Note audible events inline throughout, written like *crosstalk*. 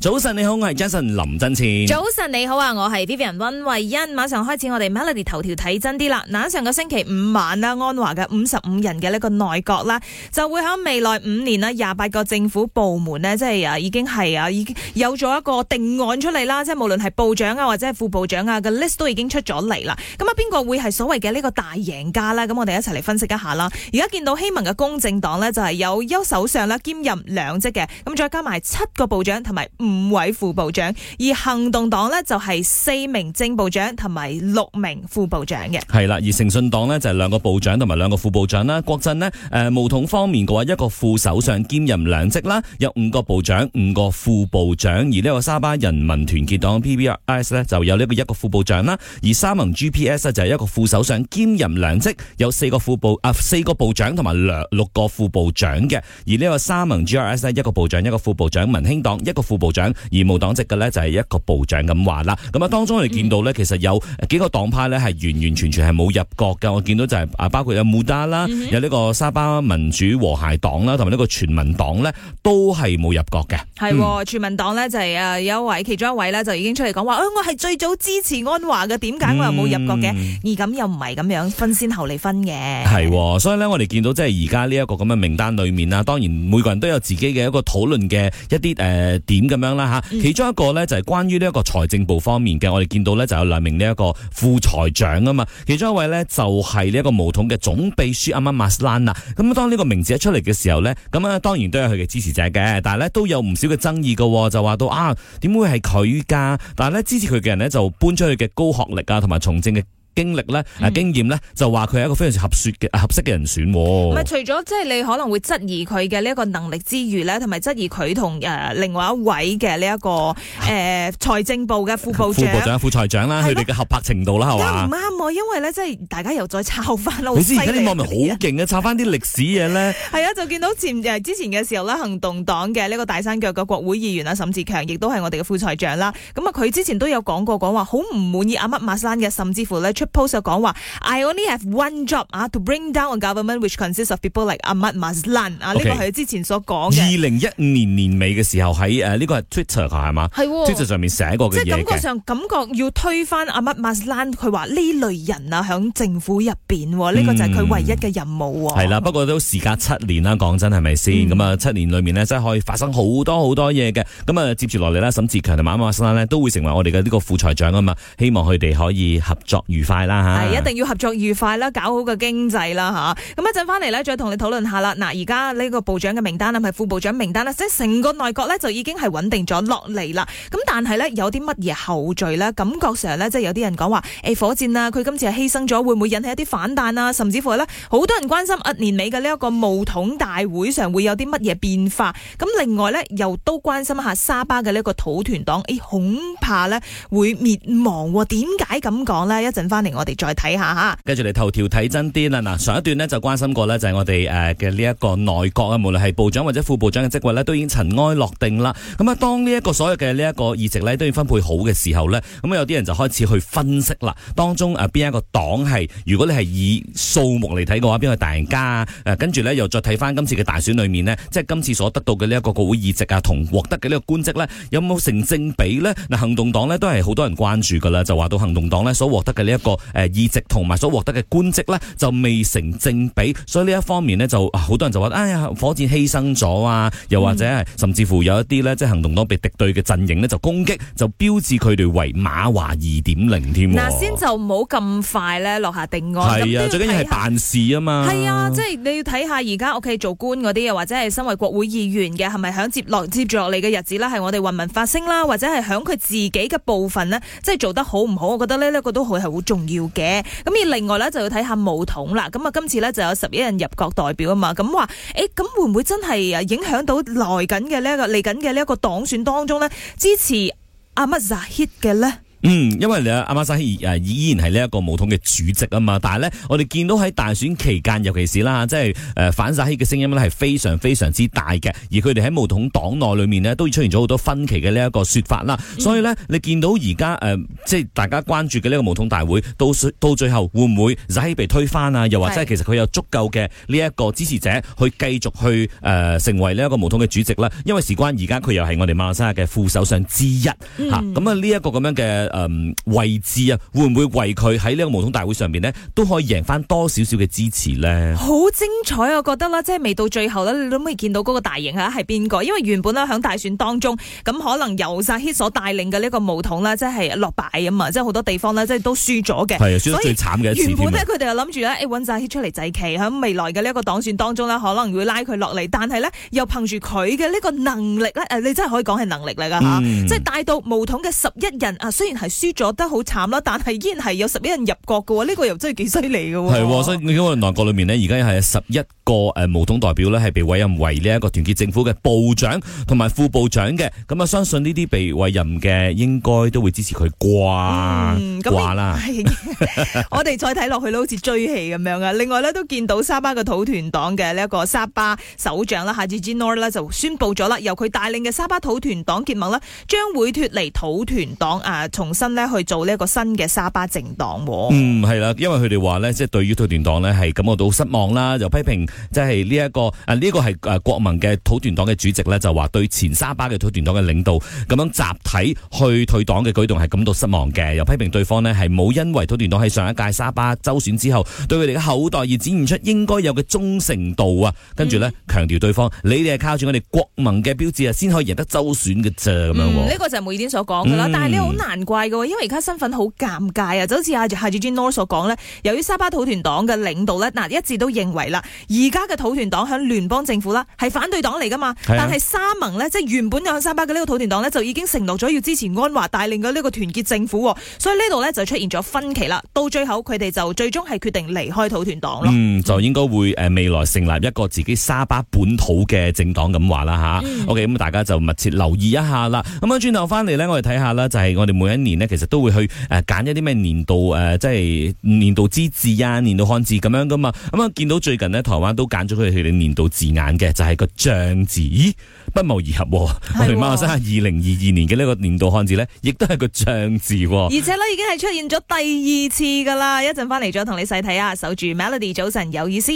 早晨你好，我係 Jason 林振千。早晨你好啊，我係 Vivian 溫慧欣。馬上開始我哋 Melody 頭條睇真啲啦。嗱，上個星期五晚啊，安華嘅五十五人嘅呢個內閣啦，就會喺未來五年呢，廿八個政府部門呢，即係啊，已經係啊，已經有咗一個定案出嚟啦。即係無論係部長啊，或者係副部長啊嘅 list 都已經出咗嚟啦。咁啊，邊個會係所謂嘅呢個大贏家啦？咁我哋一齊嚟分析一下啦。而家見到希盟嘅公正黨呢，就係有優首相啦兼任兩職嘅，咁再加埋七個部長同埋。五位副部長，而行動黨呢就係四名正部長同埋六名副部長嘅。係啦，而誠信黨呢就係兩個部長同埋兩個副部長啦。國陣呢，誒，巫統方面嘅話，一個副首相兼任兩職啦，有五個部長、五個副部長。而呢個沙巴人民團結黨 P B R S 呢，就有呢個一個副部長啦。而三盟 G P S 呢，就係一個副首相兼任兩職，有四個副部啊，四個部長同埋兩六個副部長嘅。而呢個三盟 G R S 呢，一個部長、一個副部長，民興黨一個副部長。而冇黨籍嘅呢，就係一個部長咁話啦，咁啊當中我哋見到呢，其實有幾個黨派呢，係完完全全係冇入國嘅。我見到就係啊，包括有穆達啦，有呢個沙巴民主和諧黨啦，同埋呢個全民黨呢，都係冇入國嘅。係的，嗯、全民黨呢，就係誒有一位其中一位呢，就已經出嚟講話，我係最早支持安華嘅，點解我又冇入國嘅？嗯、而咁又唔係咁樣分先後嚟分嘅。係，所以呢，我哋見到即係而家呢一個咁嘅名單裏面啊，當然每個人都有自己嘅一個討論嘅一啲誒點咁樣。啦吓，其中一個咧就係關於呢一個財政部方面嘅，我哋見到咧就有兩名呢一個副財長啊嘛，其中一位咧就係呢一個巫統嘅總秘書阿 Maslan 啊，咁當呢個名字一出嚟嘅時候咧，咁啊當然都有佢嘅支持者嘅，但係咧都有唔少嘅爭議喎，就話到啊點會係佢噶？但係咧支持佢嘅人咧就搬出去嘅高學歷啊，同埋從政嘅。經歷咧，誒經驗咧，就話佢係一個非常之合説嘅合適嘅人選。唔係、嗯、除咗即係你可能會質疑佢嘅呢一個能力之餘咧，同埋質疑佢同誒另外一位嘅呢一個誒、啊、財政部嘅副部長。副部長、副財長啦，佢哋嘅合拍程度啦，係嘛對？唔啱吧，因為咧，即係大家又再抄翻咯，好犀利！你望唔望好勁嘅抄翻啲歷史嘢咧？係 *laughs* 啊，就見到前之前嘅時候咧，行動黨嘅呢個大山腳嘅國會議員啦，沈志強亦都係我哋嘅副財長啦。咁啊，佢之前都有講過講話，好唔滿意阿乜馬山嘅，甚至乎咧。post 講話，I only have one job to bring down a government which consists of people like Ahmad Maslan。呢個係之前所講嘅。二零一五年年尾嘅時候喺呢、這個 Twitter 係嘛？係、哦、Twitter 上面寫過嘅嘢即感覺上感覺要推翻 Ahmad Maslan，佢話呢類人啊喺政府入邊，呢、這個就係佢唯一嘅任務。係啦、嗯，不過都時隔七年啦，講真係咪先？咁啊、嗯、七年裡面咧，真係可以發生好多好多嘢嘅。咁、嗯、啊接住落嚟啦，沈志強同阿馬斯蘭都會成為我哋嘅呢個副財長啊嘛，希望佢哋可以合作愉。快啦吓係一定要合作愉快啦，搞好個經濟啦吓，咁一陣翻嚟咧，再同你討論下啦。嗱，而家呢個部長嘅名單啊，唔係副部長名單啦，即係成個內閣咧就已經係穩定咗落嚟啦。咁但係咧有啲乜嘢後序咧？感覺上咧，即係有啲人講話，誒火箭啦、啊，佢今次係犧牲咗，會唔會引起一啲反彈啊？甚至乎咧，好多人關心一年尾嘅呢一個巫統大會上會有啲乜嘢變化？咁另外咧又都關心一下沙巴嘅呢一個土團黨，誒、欸、恐怕咧會滅亡。點解咁講咧？一陣翻。我哋再睇下跟住嚟頭條睇真啲啦。嗱，上一段呢就關心過呢，就係我哋誒嘅呢一個內閣啊，無論係部長或者副部長嘅職位呢都已經塵埃落定啦。咁啊，當呢一個所有嘅呢一個議席呢，都要分配好嘅時候呢，咁有啲人就開始去分析啦。當中誒邊一個黨係？如果你係以數目嚟睇嘅話，邊個係大家？誒，跟住呢，又再睇翻今次嘅大選裏面呢，即係今次所得到嘅呢一個國會議席啊，同獲得嘅呢個官職呢，有冇成正比呢？嗱，行動黨呢，都係好多人關注噶啦，就話到行動黨呢，所獲得嘅呢一個。個誒，議席同埋所獲得嘅官職呢，就未成正比，所以呢一方面呢，就好多人就話，哎呀，火箭犧牲咗啊，又或者係、嗯、甚至乎有一啲呢，即係行動黨被敵對嘅陣營呢，就攻擊，就標誌佢哋為馬華二點零添。嗱，先就唔好咁快呢，落下定案。係啊，最緊要係辦事啊嘛。係啊，即係你要睇下，而家屋企做官嗰啲，又或者係身為國會議員嘅，係咪響接落接住落嚟嘅日子啦？係我哋為民發聲啦，或者係響佢自己嘅部分呢，即係做得好唔好？我覺得呢，呢個都好係好重。要嘅，咁而另外咧就要睇下巫統啦。咁啊，今次咧就有十一人入閣代表啊嘛。咁話，誒、欸，咁會唔會真係影響到來緊嘅呢一個嚟緊嘅呢一個黨選當中咧？支持阿乜 Zahid 嘅咧？嗯，因為阿阿馬薩希誒，依然係呢一個無統嘅主席啊嘛。但係咧，我哋見到喺大選期間，尤其是啦，即係誒反薩希嘅聲音咧，係非常非常之大嘅。而佢哋喺無統黨內裏面呢，都出現咗好多分歧嘅呢一個說法啦。所以呢，你見到而家誒，即、呃、係大家關注嘅呢個無統大會，到到最後會唔會薩希、ah、被推翻啊？又或者係其實佢有足夠嘅呢一個支持者去繼續去誒、呃、成為呢一個無統嘅主席咧？因為事關而家佢又係我哋馬薩哈嘅副首相之一咁、嗯、啊，呢一個咁樣嘅。誒、嗯，位置啊，會唔會為佢喺呢個毛統大會上面呢，都可以贏翻多少少嘅支持咧？好精彩啊，我覺得啦，即係未到最後咧，你都未見到嗰個大型啊，係邊個？因為原本咧，響大選當中，咁可能由薩希所帶領嘅呢個毛統呢，即係落敗啊嘛，即係好多地方呢，即係都輸咗嘅。係、欸，輸咗最慘嘅一次。原本咧，佢哋又諗住咧，搵薩希出嚟祭旗響未來嘅呢一個黨選當中呢，可能會拉佢落嚟，但係呢，又憑住佢嘅呢個能力咧，你真係可以講係能力嚟噶吓，嗯、即係帶到毛統嘅十一人啊，雖然。係輸咗得好慘啦，但係依然係有十一人入國嘅喎，呢、這個又真係幾犀利嘅喎。係、哦，所以喺我哋內閣裏面呢，而家係十一。個誒，毛統代表咧，係被委任為呢一個團結政府嘅部長同埋副部長嘅。咁啊，相信呢啲被委任嘅應該都會支持佢啩咁話啦。 *laughs* *laughs* 我哋再睇落去咧，都好似追戲咁樣啊！另外呢，都見到沙巴嘅土團黨嘅呢一個沙巴首長啦，下次 j n r 就宣布咗啦，由佢帶領嘅沙巴土團黨結盟啦，將會脫離土團黨啊，重新呢去做呢一個新嘅沙巴政黨。嗯，係啦，因為佢哋話呢，即係對於土團黨咧係感覺到失望啦，就批評。即係呢一個啊，呢、這個係誒國民嘅土團黨嘅主席咧，就話對前沙巴嘅土團黨嘅領導咁樣集體去退黨嘅舉動係感到失望嘅，又批評對方呢係冇因為土團黨喺上一屆沙巴州選之後對佢哋嘅厚待而展現出應該有嘅忠誠度啊，跟住呢、嗯、強調對方你哋係靠住我哋國民嘅標誌啊先可以贏得州選嘅啫咁樣、啊。呢、嗯這個就係梅爾丁所講嘅啦，但係你好難怪嘅喎，因為而家身份好尷尬啊，就好似哈芝芝諾所講呢，由於沙巴土團黨嘅領導呢，嗱一致都認為啦而家嘅土團黨喺聯邦政府啦，係反對黨嚟噶嘛？是的但係沙盟呢，即係原本有喺沙巴嘅呢個土團黨呢，就已經承諾咗要支持安華帶領嘅呢個團結政府，所以呢度呢，就出現咗分歧啦。到最後佢哋就最終係決定離開土團黨咯。嗯，就應該會誒未來成立一個自己沙巴本土嘅政黨咁話啦吓。嗯、OK，咁大家就密切留意一下啦。咁啊轉頭翻嚟呢，我哋睇下啦，就係我哋每一年呢，其實都會去誒揀一啲咩年度誒，即係年度之字啊、年度漢字咁樣噶嘛。咁啊見到最近呢，台灣。都揀咗佢哋年度字眼嘅，就係、是、個漲字，咦不謀而合。的我哋馬生二零二二年嘅呢個年度漢字咧，亦都係個漲字，象字而且咧已經係出現咗第二次噶啦。一陣翻嚟再同你細睇啊，守住 Melody 早晨有意思。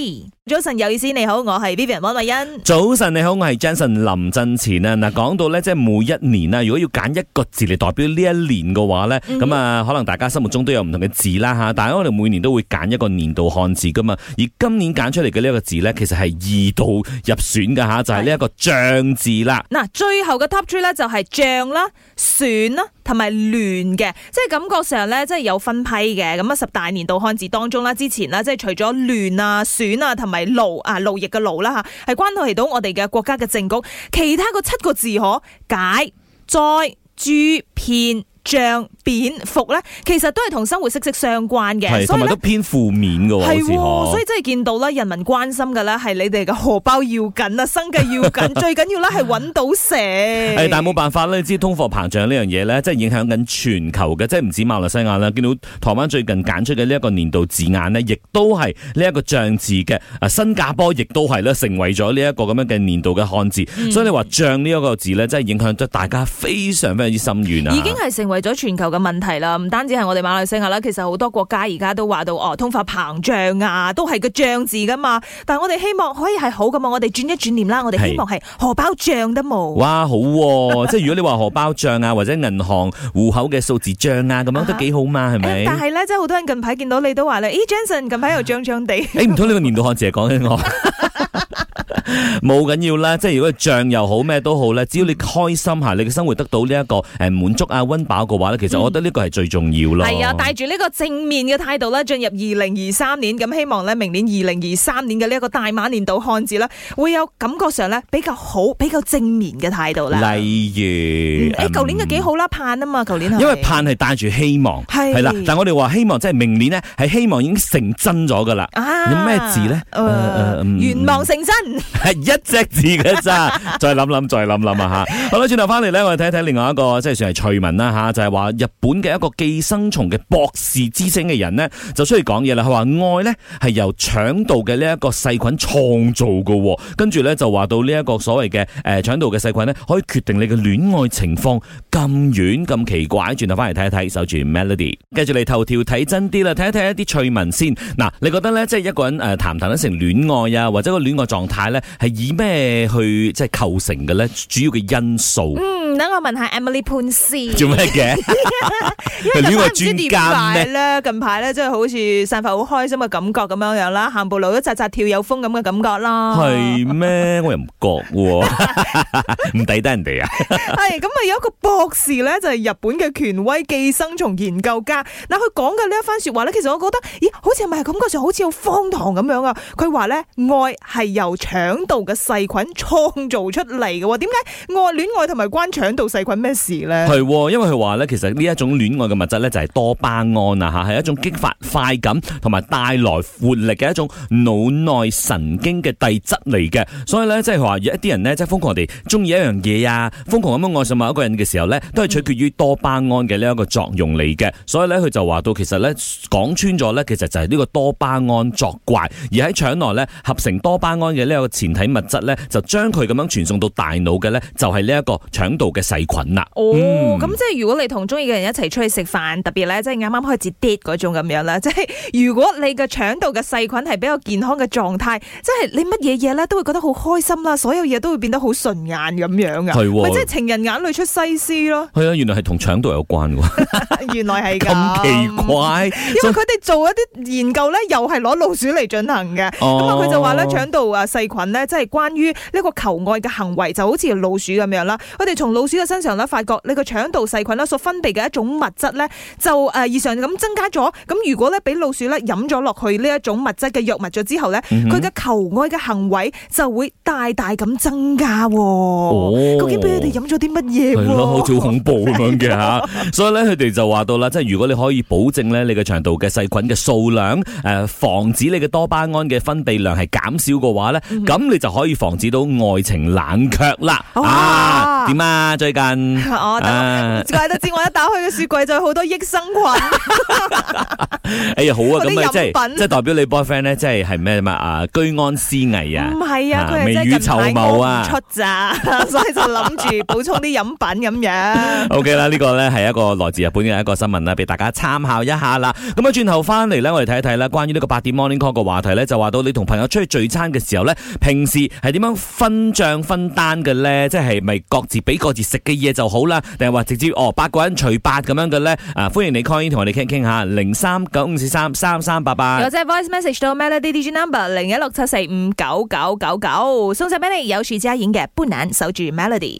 早晨有意思，你好，我係 Vivian 温慧欣。早晨你好，我係 Jason 林振前啊。嗱，講到咧，即係每一年啊，如果要揀一個字嚟代表呢一年嘅話咧，咁啊、嗯哼，可能大家心目中都有唔同嘅字啦吓。但係我哋每年都會揀一個年度漢字噶嘛。而今年揀出嚟嘅呢一個字咧，其實係二度入選嘅吓，就係呢一個象“漲”字啦。嗱，最後嘅 Top Three 咧就係“漲”啦、“選”啦。同埋亂嘅，即係感覺上咧，即係有分批嘅咁啊。十大年度漢字當中啦，之前啦，即係除咗亂選啊、損啊、同埋勞啊、勞役嘅勞啦嚇，係關係到我哋嘅國家嘅政局，其他個七個字可解、再、豬、騙。」漲、貶、伏咧，其實都係同生活息息相關嘅，同埋的都偏負面嘅係的像所以真係見到咧，人民關心嘅咧，係你哋嘅荷包要緊啊，生計要緊， *laughs* 最緊要咧係搵到食。係，但係冇辦法咧，你知通貨膨脹呢樣嘢咧，即係影響緊全球嘅，即係唔止馬來西亞啦，見到台灣最近揀出嘅呢一個年度字眼呢，亦都係呢一個漲字嘅。啊，新加坡亦都係咧，成為咗呢一個咁樣嘅年度嘅漢字，嗯、所以你話漲呢一個字咧，真係影響咗大家非常非常之深遠啊，已經係成為。為咗全球嘅問題啦，唔單止係我哋馬來西亞啦，其實好多國家而家都話到哦，通貨膨脹啊，都係個脹字噶嘛。但係我哋希望可以係好噶嘛，我哋轉一轉念啦，我哋希望係荷包脹都冇。哇，好、啊， *laughs* 即係如果你話荷包脹啊，或者銀行戶口嘅數字漲啊，咁、啊、樣都幾好嘛，係咪、欸？但係咧，即係好多人近排見到你都話咧，咦 Johnson 近排又漲漲地。你唔通你個年度漢字係講緊我？ *laughs* *laughs* 冇緊要啦，即係如果醬又好咩都好咧，只要你開心吓，你嘅生活得到呢一個誒滿足啊溫飽嘅話咧，其實我覺得呢個係最重要咯。係、嗯、啊，帶住呢個正面嘅態度啦，進入二零二三年，咁希望咧，明年二零二三年嘅呢一個大馬年度漢字啦，會有感覺上咧比較好，比較正面嘅態度啦。例如誒，舊、嗯哎、年嘅幾好啦，盼、嗯、啊嘛，舊年因為盼係帶住希望係是啦，但我哋話希望即係明年呢，係希望已經成真咗噶啦，有咩、啊、字咧？誒、呃、願望成真。呃呃嗯係 *laughs* 一隻字嘅咋？再諗諗，再諗諗啊！吓，好啦，轉頭翻嚟咧，我哋睇一睇另外一個即係算係趣聞啦吓，就係話日本嘅一個寄生蟲嘅博士之星嘅人呢，就出嚟講嘢啦。佢話愛呢係由腸道嘅呢一個細菌創造㗎喎。跟住呢，就話到呢一個所謂嘅誒腸道嘅細菌呢，可以決定你嘅戀愛情況咁遠咁奇怪。轉頭翻嚟睇一睇，守住 Melody，繼續嚟頭條睇真啲啦，睇一睇一啲趣聞先。嗱，你覺得呢？即係一個人誒談唔談得成戀愛啊，或者個戀愛狀態呢？係以咩去即係構成嘅咧？主要嘅因素。等我問下 Emily 潘 Sir 做咩嘅？ *laughs* 因為唔知點解咧，這呢近排咧真係好似散發好開心嘅感覺咁樣樣啦，行步路都扎扎跳有風咁嘅感覺啦。係咩？我又唔覺喎，唔抵得人哋啊！係咁啊，有一個博士咧，就係、是、日本嘅權威寄生蟲研究家。嗱，佢講嘅呢一番說話咧，其實我覺得，咦，好似唔係咁嘅時候，好似好荒唐咁樣啊！佢話咧，愛係由腸道嘅細菌創造出嚟嘅，點解愛戀愛同埋關腸？腸道細菌咩事呢？係、哦，因為佢話呢，其實呢一種戀愛嘅物質呢，就係、是、多巴胺啊吓，係一種激發快感同埋帶來活力嘅一種腦內神經嘅遞質嚟嘅。所以呢，即係話有一啲人呢，即係瘋狂地中意一樣嘢啊，瘋狂咁樣愛上某一個人嘅時候呢，都係取決於多巴胺嘅呢一個作用嚟嘅。所以呢，佢就話到其實呢，講穿咗呢，其實就係呢個多巴胺作怪，而喺腸內呢合成多巴胺嘅呢一個前體物質呢，就將佢咁樣傳送到大腦嘅呢，就係呢一個腸道，嘅細菌啦，哦，咁即係如果你同中意嘅人一齊出去食飯，嗯、特別咧，即係啱啱開始 date 嗰種咁樣啦，即係如果你嘅腸道嘅細菌係比較健康嘅狀態，即係你乜嘢嘢咧都會覺得好開心啦，所有嘢都會變得好順眼咁樣啊，係喎、哦，即係情人眼淚出西施咯，係啊，原來係同腸道有關喎， *laughs* 原來係咁奇怪。以因為佢哋做一啲研究咧，又係攞老鼠嚟進行嘅，咁啊佢就話咧腸道啊細菌咧，即係關於呢個求愛嘅行為就好似老鼠咁樣啦，佢哋從老老鼠嘅身上咧，發覺呢個腸道細菌咧所分泌嘅一種物質咧，就誒異常咁增加咗。咁如果咧俾老鼠咧飲咗落去呢一種物質嘅藥物咗之後咧，佢嘅求愛嘅行為就會大大咁增加喎。哦，究竟俾佢哋飲咗啲乜嘢？好似好恐怖咁樣嘅吓。 *laughs* 所以咧，佢哋就話到啦，即係如果你可以保證咧你嘅腸道嘅細菌嘅數量，誒防止你嘅多巴胺嘅分泌量係減少嘅話咧，咁、嗯、你就可以防止到愛情冷卻啦。哦、啊！啊點啊？最近哦我、啊、怪得知我一打開個雪櫃就好多益生菌。 *laughs* 哎呀好啊，咁啊即係即係代表你 boyfriend 咧即係係咩嘛啊，居安思危啊，唔係啊，未雨綢繆啊是是出咋、啊、 *laughs* 所以就諗住補充啲飲品咁、啊、樣。 *laughs* OK 啦，呢個咧係一個來自日本嘅一個新聞啦，俾大家參考一下啦。咁啊轉頭翻嚟咧我哋睇一睇啦，關於呢個八點 morning call 個話題咧就話到你同朋友出去聚餐嘅時候咧平時係點樣分賬分單嘅咧，即係咪各？俾個字食嘅嘢就好啦，定係話直接哦八個人除八咁樣嘅？咧啊，歡迎你 call in 同我哋傾傾下，零三九五四三三三八八，或者 voice message 到 Melody DJ Number 零一六七四五九九九九，送曬俾你。有事家演嘅不難守住 Melody。